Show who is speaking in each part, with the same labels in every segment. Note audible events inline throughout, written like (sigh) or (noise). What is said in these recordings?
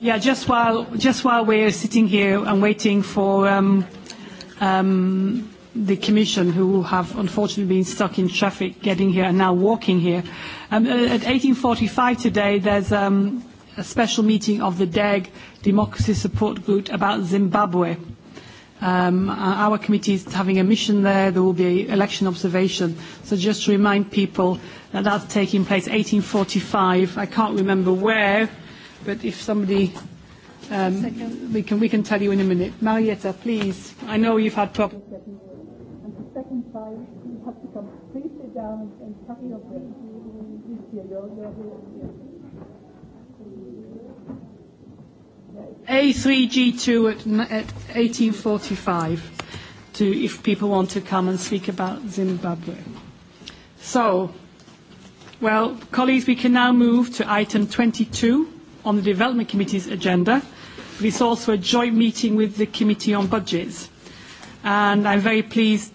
Speaker 1: Yeah, just while just while we're sitting here and waiting for um, um, the commission, who have unfortunately been stuck in traffic getting here and now walking here, um, at 18:45 today, there's um, a special meeting of the DEG Democracy Support Group about Zimbabwe. Um, our committee is having a mission there. There will be election observation. So just to remind people that that's taking place 1845. I can't remember where, but if somebody... Um, we, can, we can tell you in a minute. Marietta, please. I know you've had problems. And the second time, you have to come please sit down and cut your breath. Please, dear, you're, you're here. A3G2 at, at 1845 to if people want to come and speak about Zimbabwe. So, well, colleagues, we can now move to item 22 on the Development Committee's agenda. But it's also a joint meeting with the Committee on Budgets. And I'm very pleased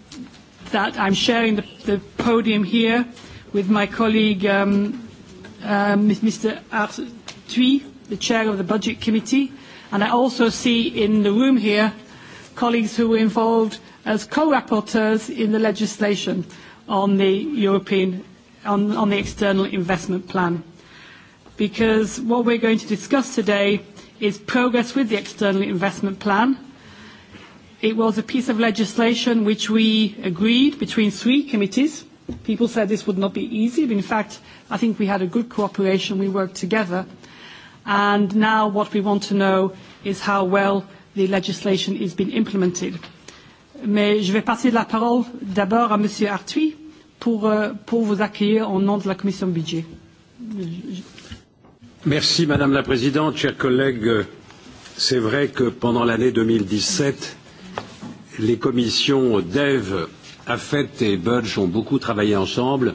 Speaker 1: that I'm sharing the, the podium here with my colleague, um, uh, Mr. Arthur Thuy, the Chair of the Budget Committee, and I also see in the room here colleagues who were involved as co-rapporteurs in the legislation on the European on, on the external investment plan because what we're going to discuss today is progress with the external investment plan it was a piece of legislation which we agreed between three committees people said this would not be easy but in fact I think we had a good cooperation we worked together and now what we want to know is how well the legislation is being implemented. Mais je vais passer la parole d'abord à Monsieur Artuis pour, euh, pour vous accueillir au nom de la Commission budget.
Speaker 2: Merci Madame la Présidente, chers collègues. C'est vrai que pendant l'année 2017, les commissions DEV, AFET et Budge ont beaucoup travaillé ensemble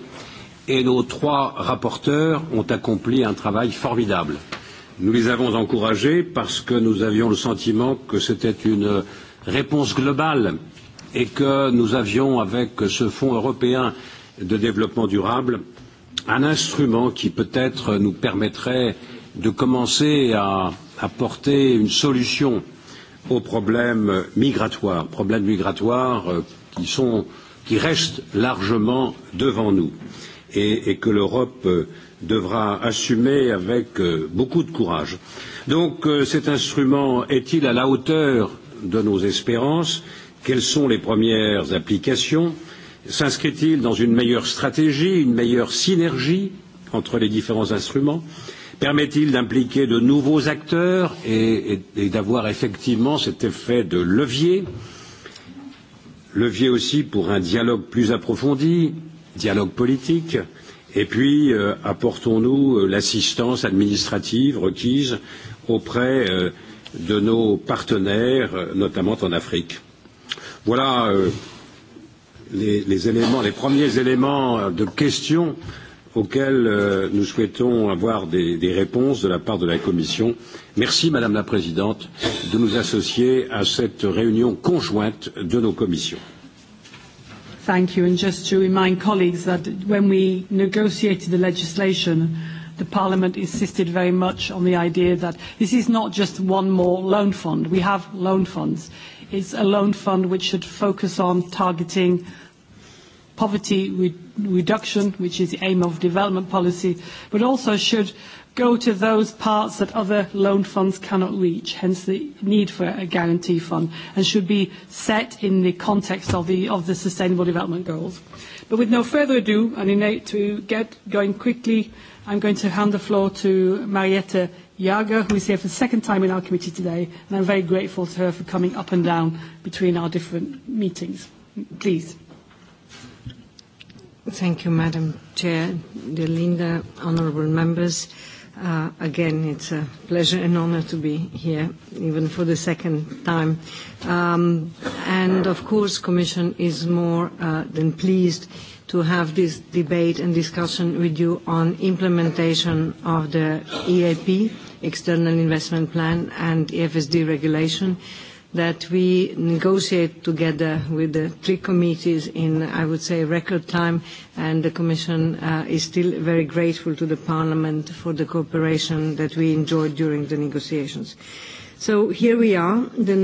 Speaker 2: et nos trois rapporteurs ont accompli un travail formidable. Euh, Nous les avons encouragés parce que nous avions le sentiment que c'était une réponse globale et que nous avions, avec ce Fonds européen de développement durable, un instrument qui peut-être nous permettrait de commencer à apporter une solution aux problèmes migratoires, problèmes migratoires euh, qui, sont, qui restent largement devant nous. Euh, et, et que l'Europe euh, devra assumer avec euh, beaucoup de courage. Donc euh, cet instrument est il à la hauteur de nos espérances? Quelles sont les premières applications? S'inscrit il dans une meilleure stratégie, une meilleure synergie entre les différents instruments? Permet il d'impliquer de nouveaux acteurs et, et, et d'avoir effectivement cet effet de levier? Levier aussi pour un dialogue plus approfondi dialogue politique et puis euh, apportons nous euh, l'assistance administrative requise auprès euh, de nos partenaires, euh, notamment en Afrique. Voilà euh, les, les éléments, les premiers éléments de questions auxquels euh, nous souhaitons avoir des, des réponses de la part de la Commission. Merci, Madame la Présidente, de nous associer à cette réunion conjointe de nos commissions.
Speaker 1: Thank you. And just to remind colleagues that when we negotiated the legislation, the Parliament insisted very much on the idea that this is not just one more loan fund. We have loan funds. It's a loan fund which should focus on targeting poverty re- reduction, which is the aim of development policy, but also should go to those parts that other loan funds cannot reach, hence the need for a guarantee fund, and should be set in the context of the, of the Sustainable Development Goals. But with no further ado, and in aid to get going quickly, I'm going to hand the floor to Marietta Jager, who is here for the second time in our committee today, and I'm very grateful to her for coming up and down
Speaker 3: between our different meetings. Please. Thank you, Madam Chair, dear Linda, honourable members. Uh, again, it's a pleasure and honor to be here, even for the second time. Um, and of course, Commission is more uh, than pleased to have this debate and discussion with you on implementation of the EAP, External Investment Plan, and EFSD regulation. Uh, that we negotiate together with the three committees in, I would say, record time, and the Commission uh, is still very grateful to the Parliament for the cooperation that we enjoyed during the negotiations. So here we are. The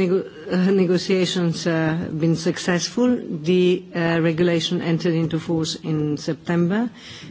Speaker 3: uh, negotiations have uh, been successful. The regulation entered into force in September.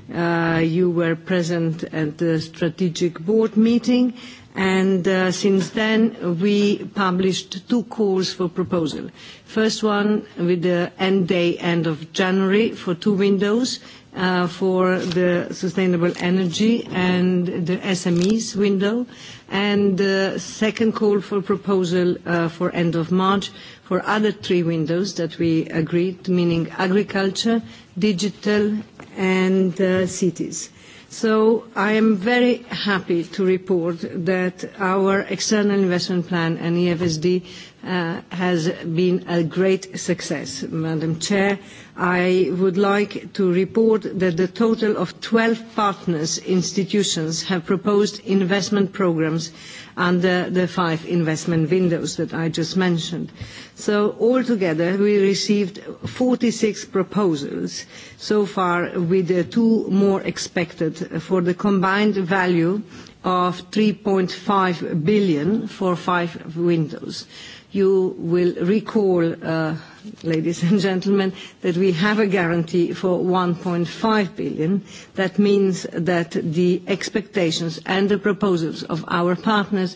Speaker 3: You were present at the Strategic Board meeting, and uh, since then we published two calls for proposal. First one with the end day, end of January, for two windows uh, for the sustainable energy and the SMEs window, and the uh, second call for proposal uh, for end of March for other three windows that we agreed, meaning agriculture, digital, and uh, cities. So I am very happy to report that our external investment plan and EFSD Uh, has been a great success. Madam Chair, I would like to report that the total of 12 partners institutions have proposed investment programs under the five investment windows that I just mentioned. So altogether, we received 46 proposals so far with the two more expected for the combined value of 3.5 billion for five windows you will recall, uh, ladies and gentlemen, that we have a guarantee for 1.5 billion. That means that the expectations and the proposals of our partners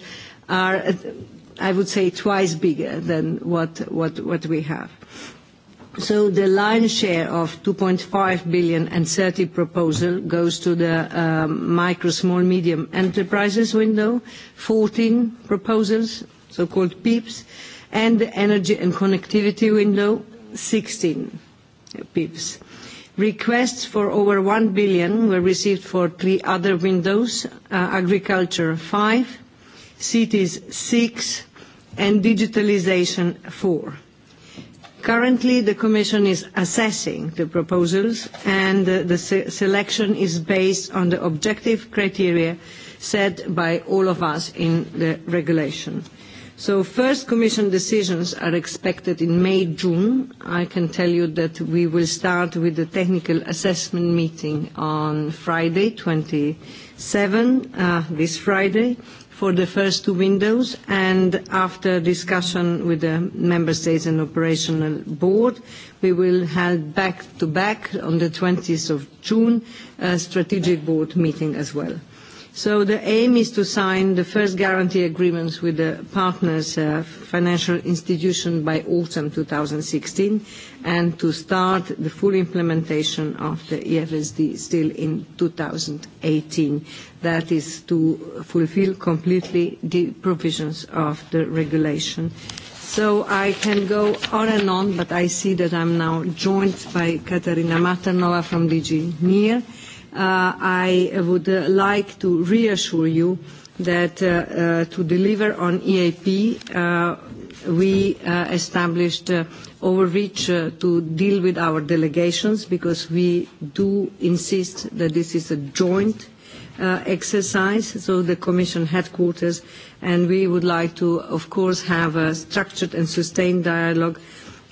Speaker 3: are, I would say, twice bigger than what, what, what we have. So the lion's share of 2.5 billion and 30 proposal goes to the uh, micro, small, medium enterprises window, 14 proposals so-called PEEPs, and the energy and connectivity window, 16 PEEPs. Requests for over 1 billion were received for three other windows, uh, agriculture, 5, cities, 6, and digitalization, 4. Currently, the commission is assessing the proposals, and uh, the selection is based on the objective criteria set by all of us in the regulation. First commission decisions are expected in May, June. I can tell you that we will start with the technical assessment meeting on Friday, 27, uh, this Friday, for the first two windows. After discussion with the member states and operational board, we will have back-to-back on the 20th of June, a strategic board meeting as well. The aim is to sign the first guarantee agreements with the partners, uh, financial institution by autumn 2016, and to start the full implementation of the EFSD still in 2018. That is to fulfill completely the provisions of the regulation. I can go on and on, but I see that I'm now joined by Katarina Mattanova from DG NIR, Uh, I would like to reassure you that uh, uh, to deliver on EIP, we established overreach to deal with our delegations because we do insist that this is a joint exercise, so the Commission headquarters, and we would like to, of course, have a structured and sustained dialogue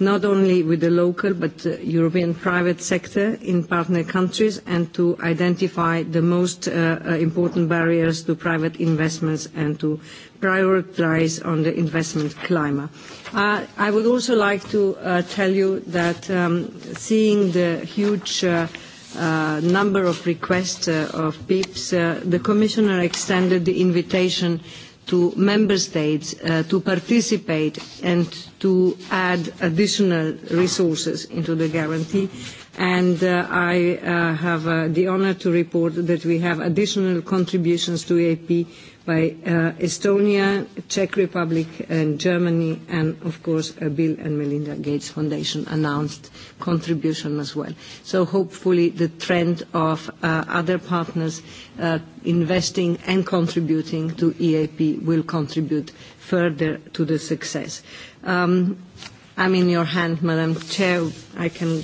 Speaker 3: not only with the local but uh, European private sector in partner countries and to identify the most uh, uh, important barriers to private investments and to prioritize on the investment climate. Uh, I would also like to uh, tell you that um, seeing the huge uh, uh, number of requests uh, of PIPs, uh, the Commissioner extended the invitation to member states uh, to participate and to add additional resources into the guarantee. And uh, I uh, have uh, the honor to report that we have additional contributions to AP by uh, Estonia, Czech Republic, and Germany, and of course, uh, Bill & Melinda Gates Foundation announced contribution as well. So hopefully, the trend of uh, other partners investing and contributing to EAP will contribute further to the success. Um, I'm in your hand, Madam Chair. I can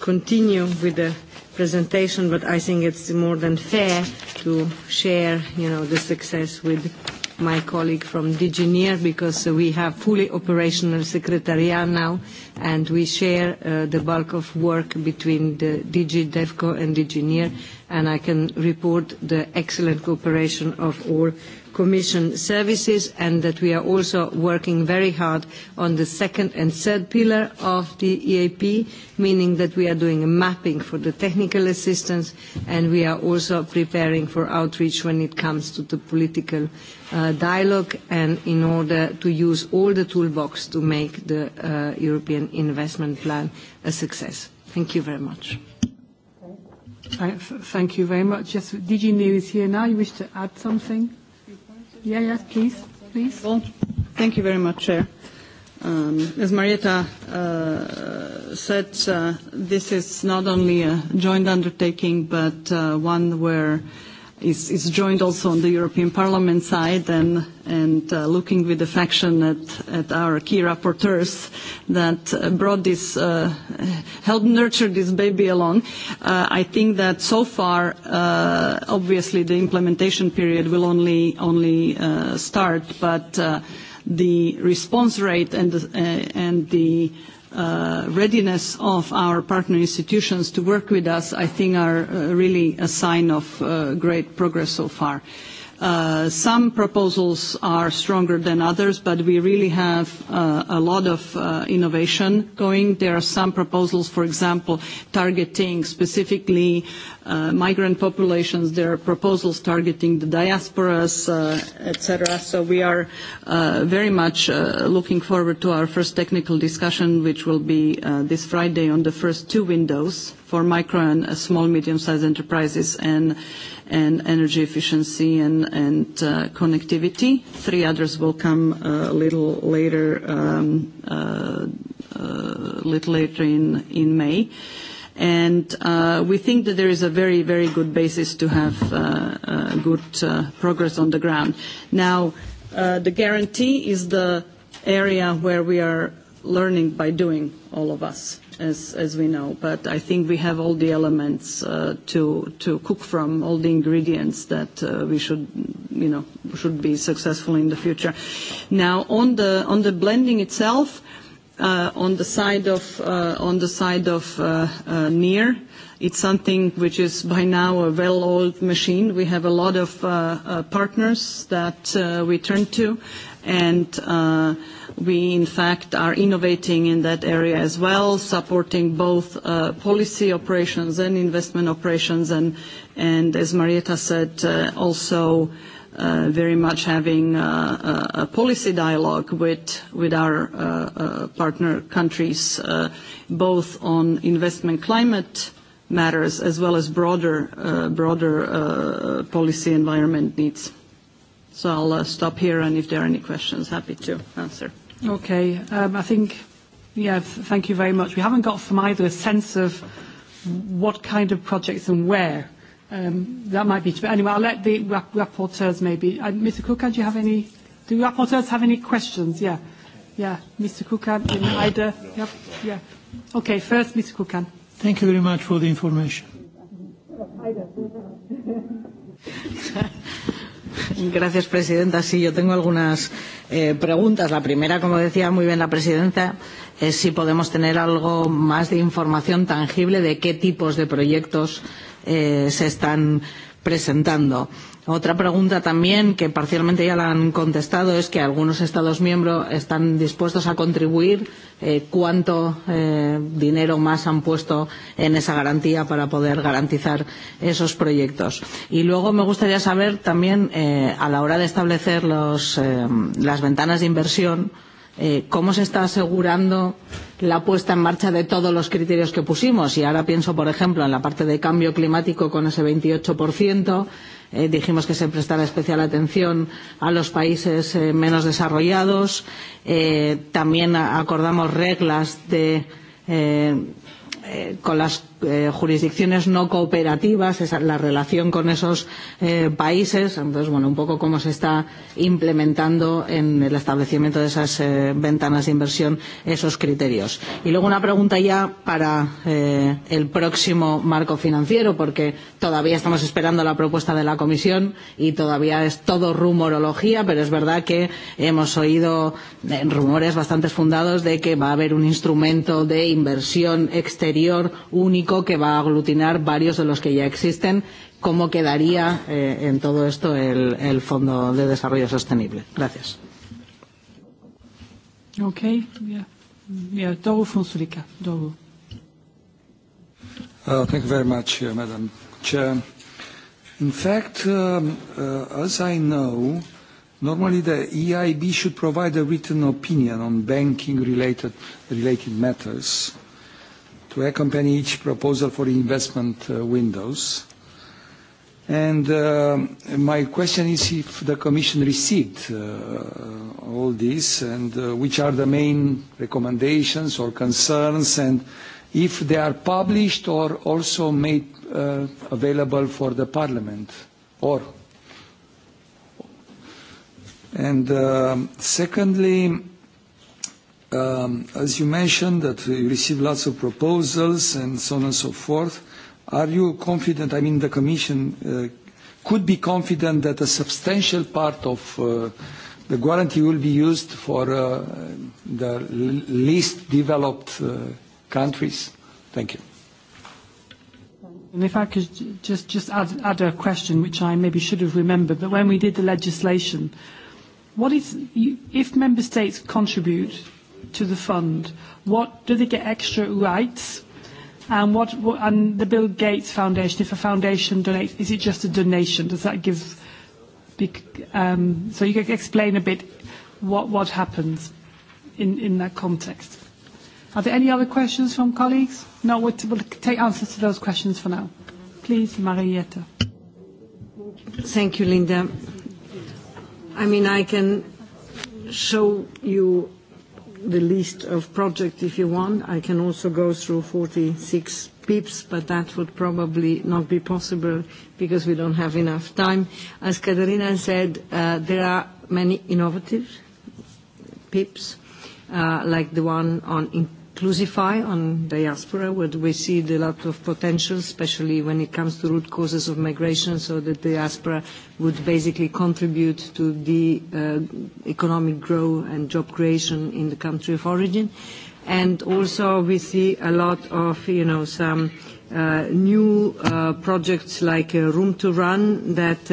Speaker 3: continue with the presentation, but I think it's more than fair to share you know, the success with my colleague from Digineer because we have fully operational secretariat now and we share uh, the bulk of work between the DigiDevco and Digineer and I can report the excellent cooperation of all Commission services and that we are also working very hard on the second and third pillar of the EAP, meaning that we are doing a mapping for the technical assistance and we are also preparing for outreach when it comes to the political uh, dialogue and in order to use all the toolbox to make the uh, European investment plan a success. Thank you very much. Thank you very much. Yes, DG News here now. You wish to add something?
Speaker 1: Yeah, yeah, please, please. Well,
Speaker 4: thank you very much, Chair. Um, as Marietta uh, said, uh, this is not only a joint undertaking, but uh, one where is, is joined also on the European Parliament side and, and uh, looking with affection at, at our key rapporteurs that uh, brought this, uh, helped nurture this baby along. Uh, I think that so far, uh, obviously, the implementation period will only, only uh, start, but uh, the response rate and the, uh, and the Uh, readiness of our partner institutions to work with us, I think, are uh, really a sign of uh, great progress so far. Uh, some proposals are stronger than others, but we really have uh, a lot of uh, innovation going. There are some proposals, for example, targeting specifically migrant populations. There are proposals targeting the diasporas, et cetera. We are very much looking forward to our first technical discussion, which will be this Friday on the first two windows for micro and small medium-sized enterprises and energy efficiency and, and uh, connectivity. Three others will come uh, a little later, um, uh, uh, little later in, in May. And uh, we think that there is a very, very good basis to have uh, uh, good uh, progress on the ground. Now, uh, the guarantee is the area where we are learning by doing, all of us as we know. But I think we have all the elements uh, to cook from, all the ingredients that uh, we should, you know, should be successful in the future. Now, on the blending itself, uh, on the side of NIR, it's something which is by now a well-oiled machine. We have a lot of partners that we turn to, and We, in fact, are innovating in that area as well, supporting both uh, policy operations and investment operations, and as Marieta said, uh, also uh, very much having a policy dialogue with our partner countries, both on investment climate matters as well as broader policy environment needs. I'll stop here, and if there are any questions, happy to answer. Thank you.
Speaker 1: Okay. Um, I think, yeah, th- thank you very much. We haven't got from either a sense of what kind of projects and where. Um, that might be, but anyway, I'll let the rap- rapporteurs maybe. Uh, Mr. Cook, do you have any, do rapporteurs have any questions? Yeah. Yeah, Mr. Kukan, uh, in no. Ida. Yep. Yeah. Okay, first, Mr. Kukan.
Speaker 5: Thank you very much for the information.
Speaker 3: (laughs)
Speaker 5: Gracias, presidenta. Sí, yo tengo algunas eh, preguntas. La primera, como decía muy bien la presidenta, es si podemos tener algo más de información tangible de qué tipos de proyectos eh, se están presentando. Eh, Otra pregunta también, que parcialmente ya la han contestado, es que algunos Estados miembros están dispuestos a contribuir. Eh, ¿Cuánto eh, dinero más han puesto en esa garantía para poder garantizar esos proyectos? Y luego me gustaría saber también, eh, a la hora de establecer los, eh, las ventanas de inversión, eh, ¿cómo se está asegurando la puesta en marcha de todos los criterios que pusimos? Y ahora pienso, por ejemplo, en la parte de cambio climático con ese 28% eh, dijimos que se prestara especial atención a los países eh, menos desarrollados. Eh, también acordamos reglas de. Eh, Eh, con las eh, jurisdicciones no cooperativas, esa, la relación con esos eh, países, entonces, bueno, un poco cómo se está implementando en el establecimiento de esas eh, ventanas de inversión esos criterios. Y luego una pregunta ya para eh, el próximo marco financiero, porque todavía estamos esperando la propuesta de la Comisión y todavía es todo rumorología, pero es verdad que hemos oído eh, rumores bastante fundados de que va a haber un instrumento de inversión exterior interior único que va a aglutinar varios de los que ya existen, ¿cómo quedaría eh, en todo esto el, el Fondo de Desarrollo
Speaker 6: Sostenible? Gracias.
Speaker 1: Ok, bien. Yeah. Yeah. Uh,
Speaker 6: thank you very much, uh, Madam Chair. In fact, um, uh, as I know, normally the EIB should provide a written opinion on banking-related related matters to accompany each proposal for investment uh, windows. Uh, my question is if the commission received uh, all this, and which are the main recommendations or concerns, and if they are published or also made available for the parliament, or? Secondly, Um, as you mentioned, that you receive lots of proposals and so on and so forth. Are you confident, I mean, the commission uh, could be confident that a substantial part of uh, the guarantee will be used for uh, the least developed countries? Thank you.
Speaker 1: If I could just add a question which I maybe should have remembered, but when we did the legislation, if member states contribute, to the fund? What do they get extra rights? And what, what and the Bill Gates Foundation? If a foundation donates, is it just a donation? Does that give? Um, so you could explain a bit what what happens in in that context. Are there any other questions from colleagues? No, we'll, t- we'll take answers to those questions for now. Please,
Speaker 3: Marietta. Thank you, Linda. I mean, I can show you the list of projects if you want. I can also go through 46 PIPs, but that would probably not be possible because we don't have enough time. As Caterina said, uh, there are many innovative PIPs, uh, like the one on Inclusify on diaspora, where we see the lot of potential, especially when it comes to root causes of migration, so the diaspora would basically contribute to the uh, economic growth and job creation in the country of origin. Also we see a lot of, you know, some Uh, new uh, projects like uh, Room to Run that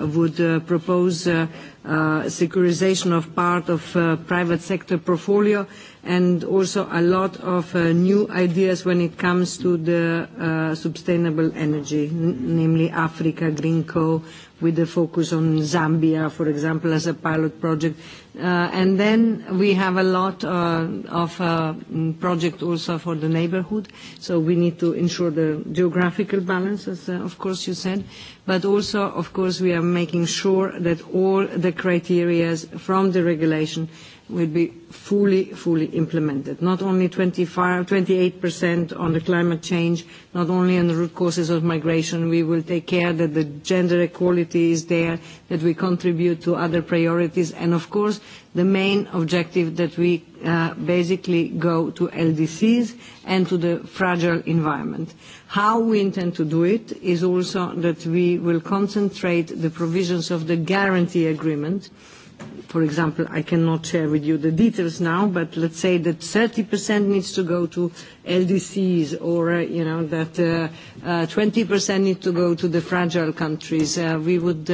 Speaker 3: would propose securitization of part of private sector portfolio, and also a lot of new ideas when it comes to the sustainable energy, namely Africa Green Co, with a focus on Zambia, for example, as a pilot project. Uh, and then we have a lot uh, of uh, mm, project also for the neighborhood, so we need to ensure the geographical balance, as of course you said. But also, of course, we are making sure that all the criteria from the regulation will be fully, fully implemented. Not only 25%-28% on the climate change, not only on the root causes of migration, we will take care that the gender equality is there, that we contribute to other priorities. And of course, the main objective that we uh, basically go to LDCs and to the fragile environment. How we intend to do it is also that we will concentrate the provisions of the guarantee agreement. For example, I cannot share with you the details now, but let's say that 30% needs to go to LDCs or, uh, you know, that 20% uh, need to go to the fragile countries. We would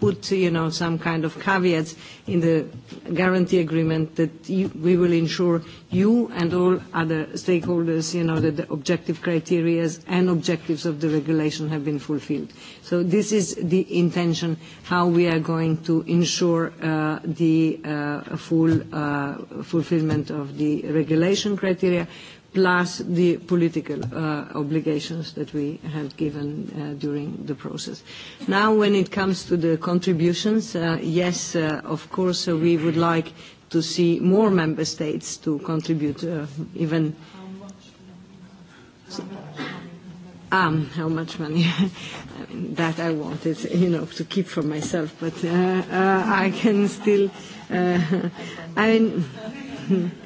Speaker 3: put, you know, some kind of caveats in the guarantee agreement that you, we will ensure you and all other stakeholders, you know, that the objective criteria and objectives of the regulation have been fulfilled. So this is the intention, how we are going to ensure uh, the uh, full uh, fulfillment of the regulation criteria plus the political uh, obligations that we have given uh, during the process. Now, when it comes to the contributions, uh, yes, uh, of course, uh, we would like to see more member states to contribute uh, even. Um, how much money? (laughs) I mean, that I wanted, you know, to keep for myself, but uh, uh, I can still. Uh, (laughs) I mean. (laughs)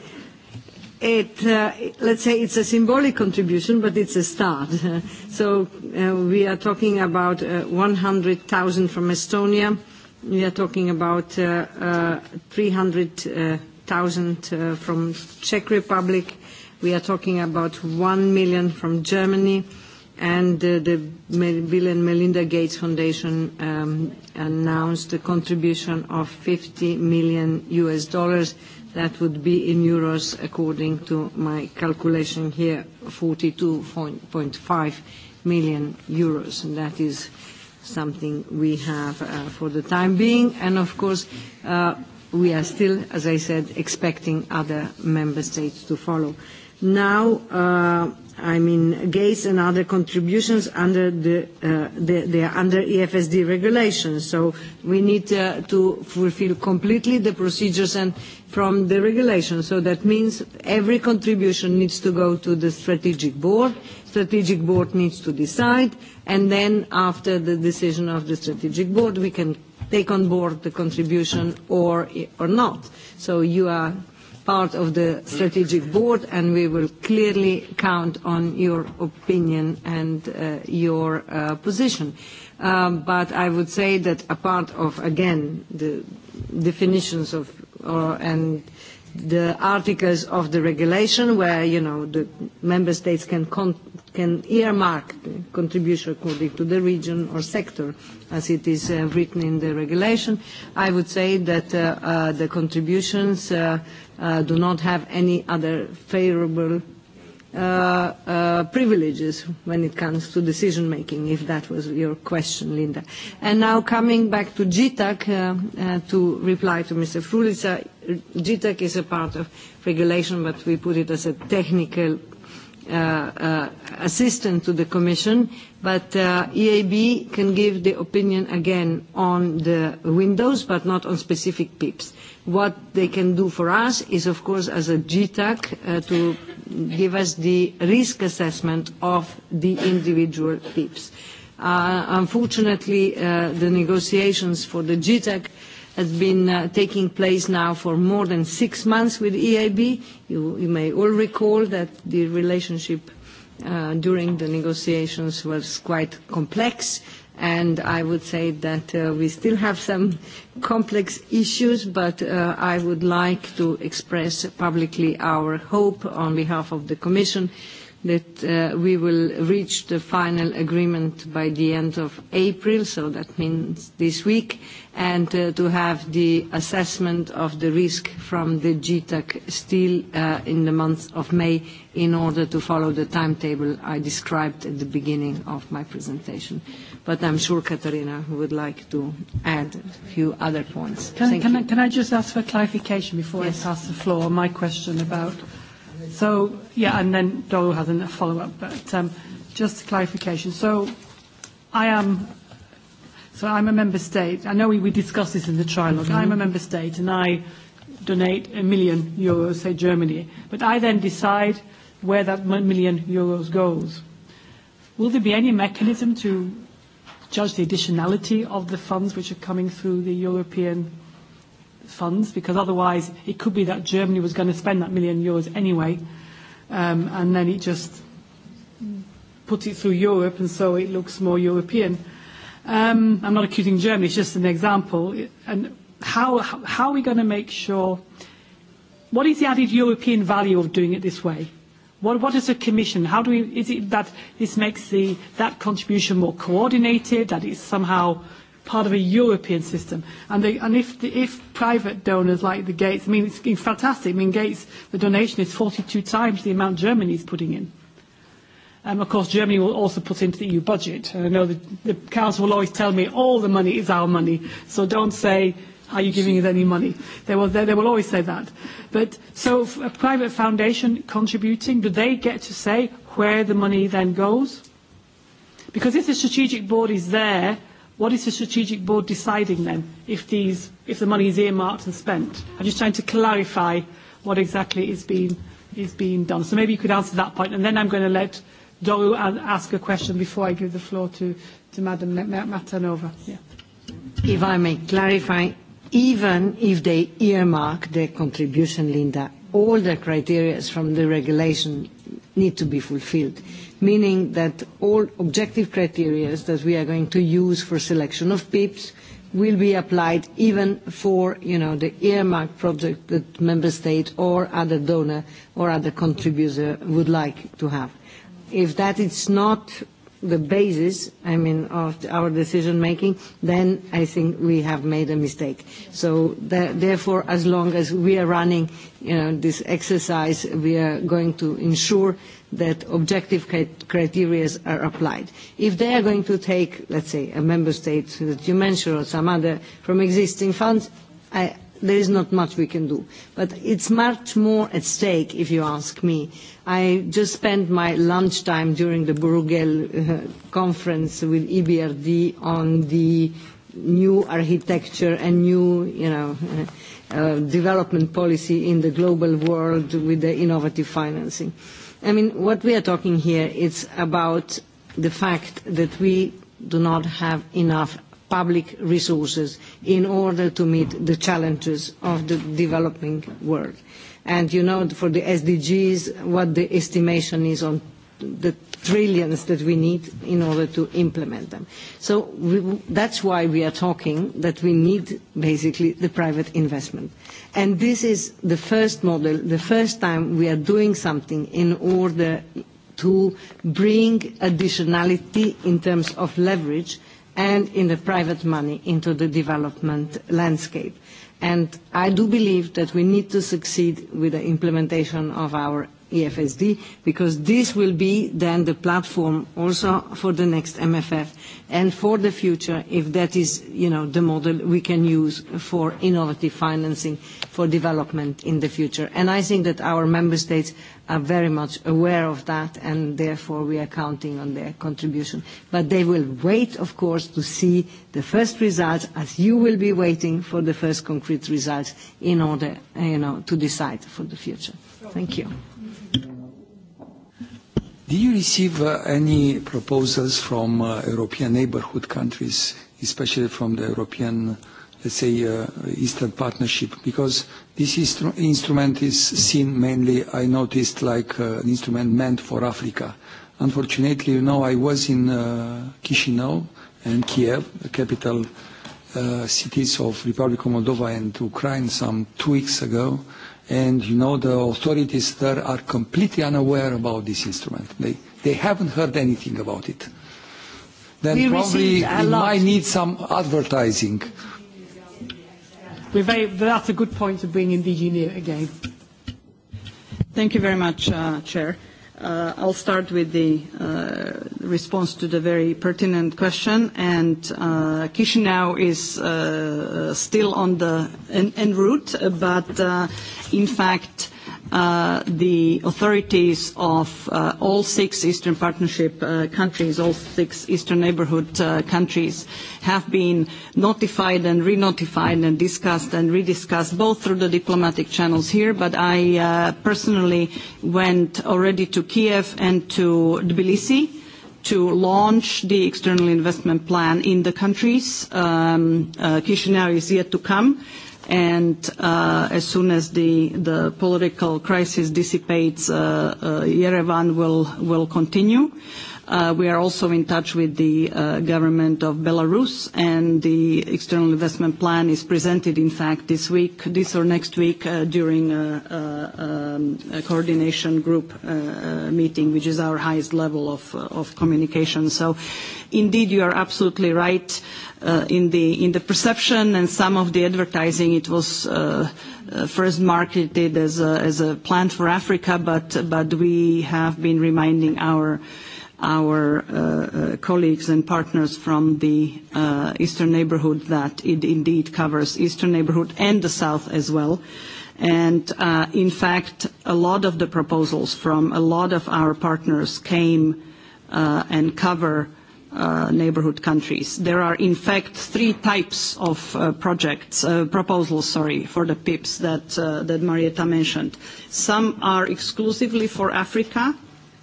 Speaker 3: it, uh, let's say it's a symbolic contribution, but it's a start. (laughs) so uh, we are talking about uh, 100,000 from Estonia. We are talking about uh, uh, 300,000 uh, from Czech Republic. We are talking about 1 million from Germany and uh, the Bill and Melinda Gates Foundation um, announced a contribution of 50 million US dollars That would be in euros, according to my calculation here, 42.5 million euros, and that is something we have uh, for the time being. And of course, uh, we are still, as I said, expecting other member states to follow. Now, uh, I mean, gates and other contributions under the, uh, the, the under EFSD regulations. So we need uh, to fulfill completely the procedures and from the regulations. So that means every contribution needs to go to the strategic board. Strategic board needs to decide. And then after the decision of the strategic board, we can take on board the contribution or, or not. So you are part of the strategic board, and we will clearly count on your opinion and uh, your uh, position. Um, I would say that a part of, again, the definitions of and the articles of the regulation where, you know, the member states can can earmark contribution according to the region or sector, as it is uh, written in the regulation, I would say that uh, uh, the contributions uh, uh, do not have any other favorable uh, uh, privileges when it comes to decision making, if that was your question, Linda. And now coming back to GTAC uh, uh, to reply to Mr. Frulica, GTAC is a part of regulation, but we put it as a technical Uh, uh, assistant to the Commission, but uh, EAB can give the opinion again on the windows, but not on specific PIPs. What they can do for us is, of course, as a GTAC, uh, to give us the risk assessment of the individual PIPs. Uh, unfortunately, uh, the negotiations for the GTAC has been uh, taking place now for more than six months with EIB. You may all recall that the relationship uh, during the negotiations was quite complex, and I would say that uh, we still have some complex issues, but I would like to express publicly our hope on behalf of the Commission that we will reach the final agreement by the end of April, so that means this week, and uh, to have the assessment of the risk from the GTAC e still uh, in the month of May in order to follow the timetable I described at the beginning of my presentation. But I'm sure Katarina would like to add a few other points. Can, can,
Speaker 1: I, can I just ask for clarification before yes. I pass the floor on my question about... So, yeah, and then Dolo has a follow-up, but um, just clarification. So I am So I'm a member state. I know we, we discussed this in the trilogue. Mm-hmm. I'm a member state and I donate a million euros, say Germany. But I then decide where that million euros goes. Will there be any mechanism to judge the additionality of the funds which are coming through the European funds? Because otherwise it could be that Germany was going to spend that million euros anyway um, and then it just puts it through Europe and so it looks more European. Mm-hmm. Um, I'm not accusing Germany, it's just an example. And how, how are we going to make sure... What is the added European value of doing it this way? What, what is the commission? How do we, is it that this makes the, that contribution more coordinated, that it's somehow part of a European system? And, the, and if, the, if private donors like the Gates, I mean, it's fantastic. I mean, Gates, the donation is 42 times the amount Germany is putting in. Um, of course, Germany will also put into the EU budget. And I know the, the Council will always tell me all the money is our money, so don't say, are you giving us any money? They will, they, they will always say that. But So a private foundation contributing, do they get to say where the money then goes? Because if the strategic board is there, what is the strategic board deciding then if, these, if the money is earmarked and spent? I'm just trying to clarify what exactly is being, is being done. So maybe you could answer that point, and then I'm going to let... Doyle ask a question before I give the floor to Madam Matanova. Yeah.
Speaker 3: If I may clarify, even if they earmark their contribution, Linda, all the criteria from the regulation need to be fulfilled, meaning that all objective criteria that we are going to use for selection of PIPs will be applied even for, you know, the earmarked project that member state or other donor or other contributor would like to have if that is not the basis, I mean, of our decision making, then I think we have made a mistake. So that, therefore, as long as we are running, you know, this exercise, we are going to ensure that objective criteria are applied. If they are going to take, let's say, a member state that you mentioned or some other from existing funds, I, there is not much we can do. But it's much more at stake, if you ask me. I just spent my lunchtime during the Bruegel uh, conference with EBRD on the new architecture and new you know, uh, uh, development policy in the global world with the innovative financing. I mean, what we are talking here is about the fact that we do not have enough public resources in order to meet the challenges of the developing world. And you know, for the SDGs, what the estimation is on the trillions that we need in order to implement them. So we, that's why we are talking that we need basically the private investment. And this is the first model, the first time we are doing something in order to bring additionality in terms of leverage uh, and in the private money into the development landscape. I do believe that we need to succeed with the implementation of our EFSD, because this will be then the platform also for the next MFF and for the future, if that is, you know, the model we can use for innovative financing for development in the future. I think that our member states are very much aware of that, and therefore, we are counting on their contribution. They will wait, of course, to see the first results, as you will be waiting for the first concrete results in order, you know, to decide for the future. Thank you.
Speaker 6: Do you receive uh, any proposals from uh, European neighborhood countries, especially from the European, let's say, uh, Eastern Partnership? Because this instru instrument is seen mainly, I noticed, like uh, an instrument meant for Africa. Unfortunately, you know, I was in uh, Chisinau and Kiev, the capital uh, cities of Republic of Moldova and Ukraine, some two weeks ago and you know the authorities there are completely unaware about this instrument. They they haven't heard anything about it. Then we probably it might need some advertising. Very,
Speaker 1: that's a good point of bringing the union again. Thank you very much, uh,
Speaker 4: Chair. Uh, I'll start with the uh, response to the very pertinent question. Uh, Chișinău is still en route, but in fact, uh, the authorities of uh, all six Eastern Partnership uh, countries, all six Eastern Neighborhood uh, countries, have been notified and re-notified and discussed and rediscussed, both through the diplomatic channels here, but I uh, personally went already to Kiev and to Tbilisi to launch the external investment plan in the countries. Um, uh, Kishinev is yet to come. Uh, and uh, as soon as the political crisis dissipates, uh, uh, Yerevan will continue. We are also in touch with the government of Belarus, and the external investment plan is presented, in fact, this week, this or next week, during um, a coordination group meeting, which is our highest level of communication. So indeed, you are absolutely right. Uh, in the perception and some of the advertising, it was uh, uh, first marketed as a plan for Africa, but we have been reminding our colleagues and partners from the Eastern Neighborhood that it indeed covers Eastern Neighborhood and the South as well. In fact, a lot of the proposals from a lot of our partners came and cover uh, neighborhood countries. There are, in fact, three types of uh, projects, uh, proposals, sorry, for the PIPs that, uh, that Marietta mentioned. Some are exclusively for Africa,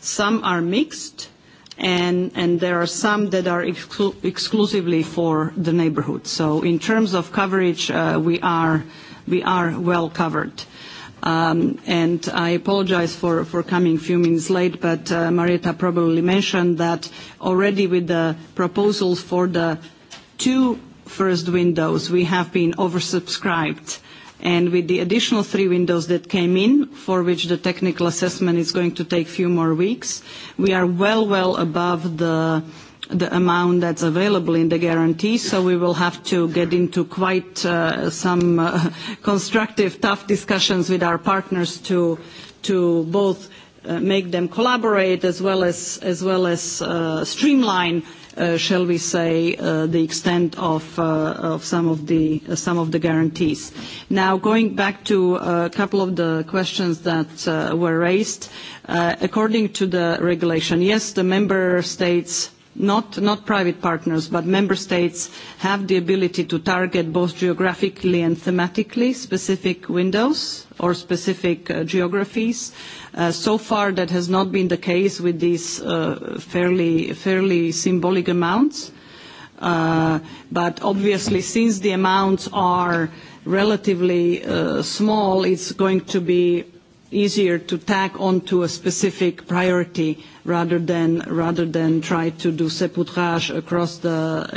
Speaker 4: some are mixed, and, and there are some that are exclu- exclusively for the neighborhood. So in terms of coverage, uh, we, are, we are well covered. Uh, Um, and I apologize for coming a few minutes late, but uh, Marieta probably mentioned that already with the proposals for the two first windows, we have been oversubscribed. And with the additional three windows that came in, for which the technical assessment is going to take a few more weeks, we are well above the the amount that's available in the guarantee, so we will have to get into quite uh, some uh, (laughs) constructive, tough discussions with our partners to both uh, make them collaborate as well as streamline, shall we say, the extent of some of the guarantees. Now, going back to a couple of the questions that were raised. According to the regulation, yes, the member states not private partners, but member states have the ability to target both geographically and thematically specific windows or specific uh, geographies. Uh, so far, that has not been the case with these uh, fairly symbolic amounts. Obviously, since the amounts are relatively small, it's going to be easier to tack onto a specific priority rather than try to do sepoutrage across the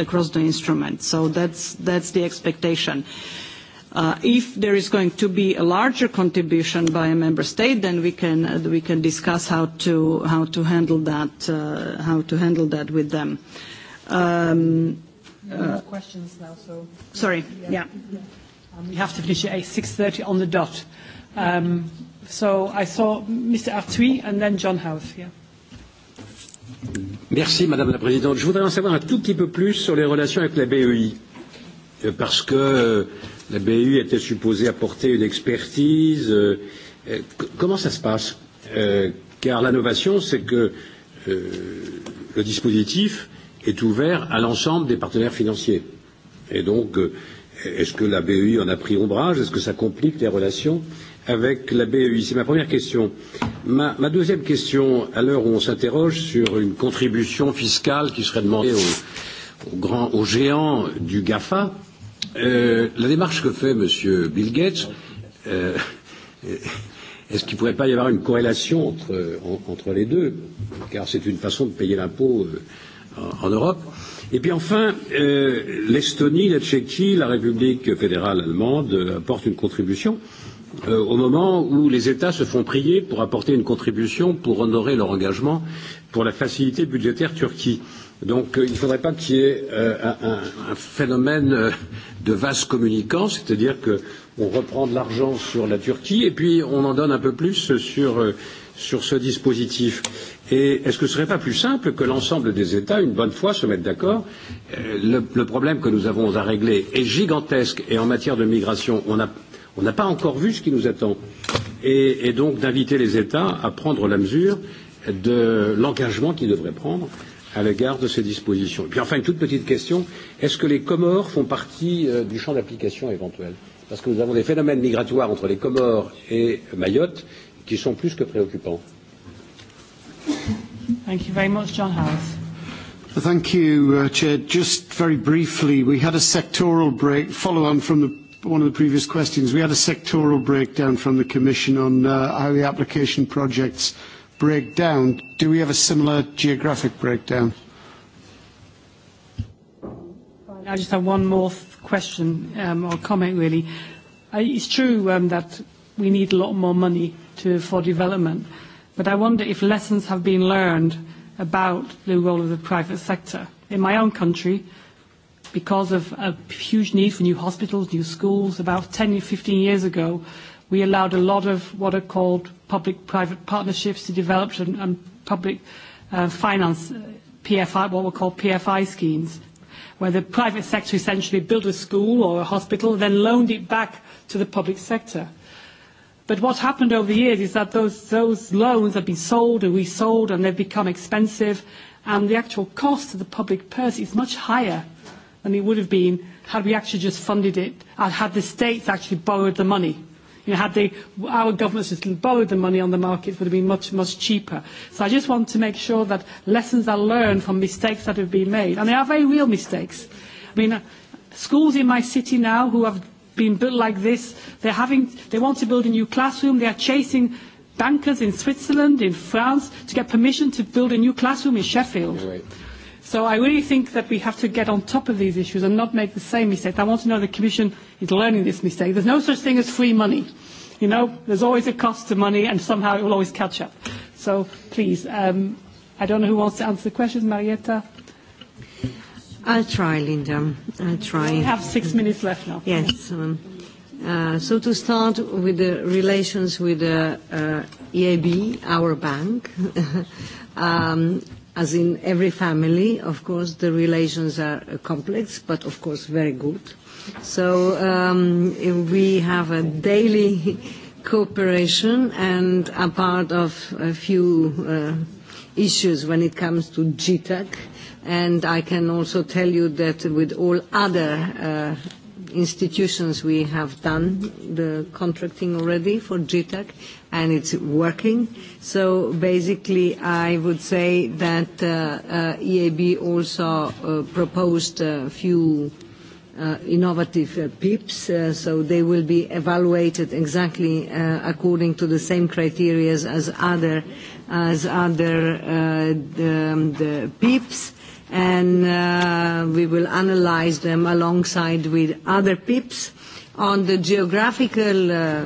Speaker 4: instrument. So that's the expectation. Uh, if there is going to be a larger contribution by a member state, then we can discuss uh, how to handle that with them.
Speaker 1: No questions now, so. Sorry. Yeah. Um, we have to finish at 6:30 on the dot. Um, So I saw Mr. Artuis and then John Howth. Yeah.
Speaker 2: Merci, Madame la Présidente. Je voudrais en savoir un tout petit peu plus sur les relations avec la BEI, euh, parce que euh, la BEI était supposée apporter une expertise. Euh, comment ça se passe Car l'innovation, c'est que le dispositif est ouvert à l'ensemble des partenaires financiers. Et donc, est-ce que la BEI en a pris ombrage Est-ce que ça complique les relations euh, avec la BEI C'est ma première question. Ma, ma deuxième question, à l'heure où on s'interroge sur une contribution fiscale qui serait demandée aux, aux, grands, aux géants du GAFA, euh, la démarche que fait M. Bill Gates, euh, est-ce qu'il ne pourrait pas y avoir une corrélation entre, en, entre les deux Car c'est une façon de payer l'impôt euh, en, en Europe. Et puis enfin, euh, l'Estonie, la Tchéquie, la République fédérale allemande euh, apportent une contribution. Euh, euh, au moment où les États se font prier pour apporter une contribution pour honorer leur engagement pour la facilité budgétaire Turquie. Donc euh, il ne faudrait pas qu'il y ait euh, un, un phénomène euh, de vaste communicant, c'est-à-dire qu'on reprend de l'argent sur la Turquie et puis on en donne un peu plus sur, euh, sur ce dispositif. Et est-ce que ce ne serait pas plus simple que l'ensemble des États, une bonne fois, se mettent d'accord euh, le, le problème que nous avons à régler est gigantesque et en matière de migration, on a On n'a pas encore vu ce qui nous attend. Et, et donc d'inviter les États à prendre la mesure de l'engagement qu'ils devraient prendre à l'égard de ces dispositions. Et puis enfin, une toute petite question. Est-ce que les Comores font partie euh, du champ d'application éventuel Parce que nous avons des phénomènes migratoires entre les Comores et Mayotte qui sont plus que préoccupants.
Speaker 1: Thank you very much, John Harris.
Speaker 6: Thank you, uh, Chair. Just very briefly, we had a sectoral break, follow on from the one of the previous questions, we had a sectoral breakdown from the Commission on uh, how the application projects break down. Do we have a similar geographic breakdown?
Speaker 1: I just have one more question um, or comment, really. I, it's true um, that we need a lot more money to, for development, but I wonder if lessons have been learned about the role of the private sector. In my own country, because of a huge need for new hospitals, new schools, about 10 or 15 years ago, we allowed a lot of what are called public-private partnerships to develop and, and public uh, finance uh, PFI, what were called PFI schemes, where the private sector essentially built a school or a hospital, then loaned it back to the public sector. But what happened over the years is that those, those loans have been sold and resold and they've become expensive, and the actual cost to the public purse is much higher than it would have been had we actually just funded it and had the states actually borrowed the money. You know, had they, our government system borrowed the money on the markets would have been much, much cheaper. So I just want to make sure that lessons are learned from mistakes that have been made. And they are very real mistakes. I mean, uh, schools in my city now who have been built like this, they're having, they want to build a new classroom, they are chasing bankers in Switzerland, in France, to get permission to build a new classroom in Sheffield. Yeah, right. So I really think that we have to get on top of these issues and not make the same mistake. I want to know the Commission is learning this mistake. There's no such thing as free money. You know, there's always a cost to money and somehow it will always catch up. So please, um, I don't know who wants to answer the questions, Marietta?
Speaker 3: I'll try, Linda. I'll try. We have six minutes left now. Yes. Um, uh, so to start with the relations with the uh, uh, e EAB, our bank, (laughs) um, as in every family, of course, the relations are uh, complex, but of course very good. So um, we have a daily (laughs) cooperation and a part of a few uh, issues when it comes to GTAC. And I can also tell you that with all other uh, institutions we have done the contracting already for GTAC, e and it's working. So basically, I would say that uh, uh, EIB also uh, proposed a few innovative PIPs, so they will be evaluated exactly according to the same criteria as other um, PIPs and uh, we will analyze them alongside with other PIPs. On the geographical uh,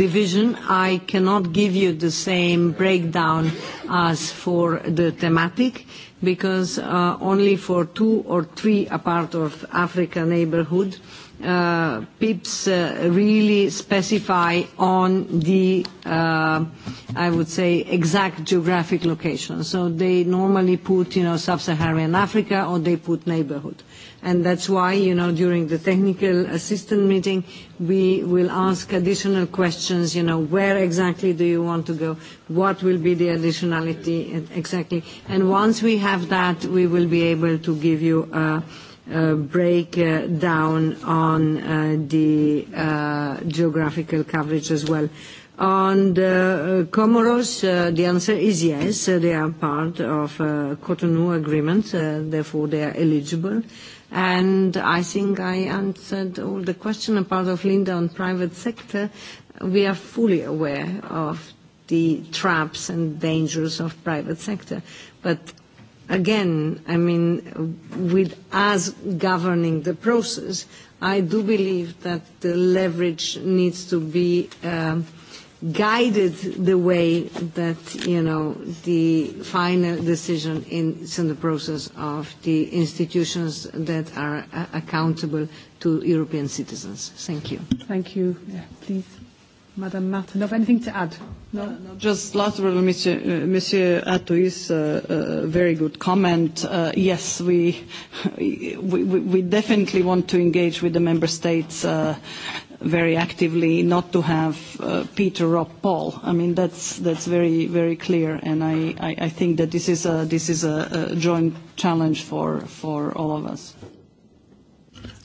Speaker 3: division, I cannot give you the same breakdown as for the thematic, because uh, only for two or three, a part of Africa neighborhood, uh, PIPs uh, really specify on the, uh, I would say, exact geographic location. So they normally put, you know, sub-Saharan Africa or they put neighborhood. And that's why, you know, during the technical assistance meeting, we will ask additional questions, you know, where exactly do you want to go, what will be the additionality exactly. And once we have that, we will be able to give you uh, Uh, breakdown uh, on uh, the geographical coverage as well. On the Comoros, the answer is yes, they are part of a Cotonou agreement, therefore they are eligible. I think I answered all the question apart of Linda on private sector. We are fully aware of the traps and dangers of private sector, but again, I mean, with us governing the process, I do believe that the leverage needs to be uh, guided the way that, you know, the final decision is in the process of the institutions that are uh, accountable to European citizens. Thank you. Thank
Speaker 1: you. Yeah, please. Madam Martin, have anything to add? No, no, no
Speaker 3: just lateral, Monsieur,
Speaker 4: uh, Monsieur Atouis, uh, uh, very good comment. Uh, yes, we, (laughs) we, we, we definitely want to engage with the member states uh, very actively, not to have uh, Peter Rob Paul. I mean, that's, that's very, very clear, and I, I, I think that this is a, this is a, a joint challenge for, for
Speaker 1: all of us.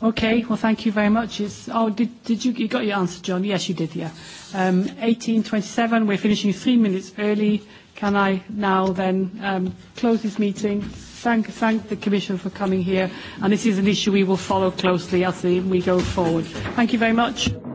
Speaker 1: Okay, well, thank you very much. It's, oh, did, did you, you got your answer, John? Yes, you did, yeah. Um, 1827, we're finishing three minutes early. Can I now then um, close this meeting? Thank, thank the Commission for coming here. And this is an issue we will follow closely as we go forward. Thank you very much. Thank you.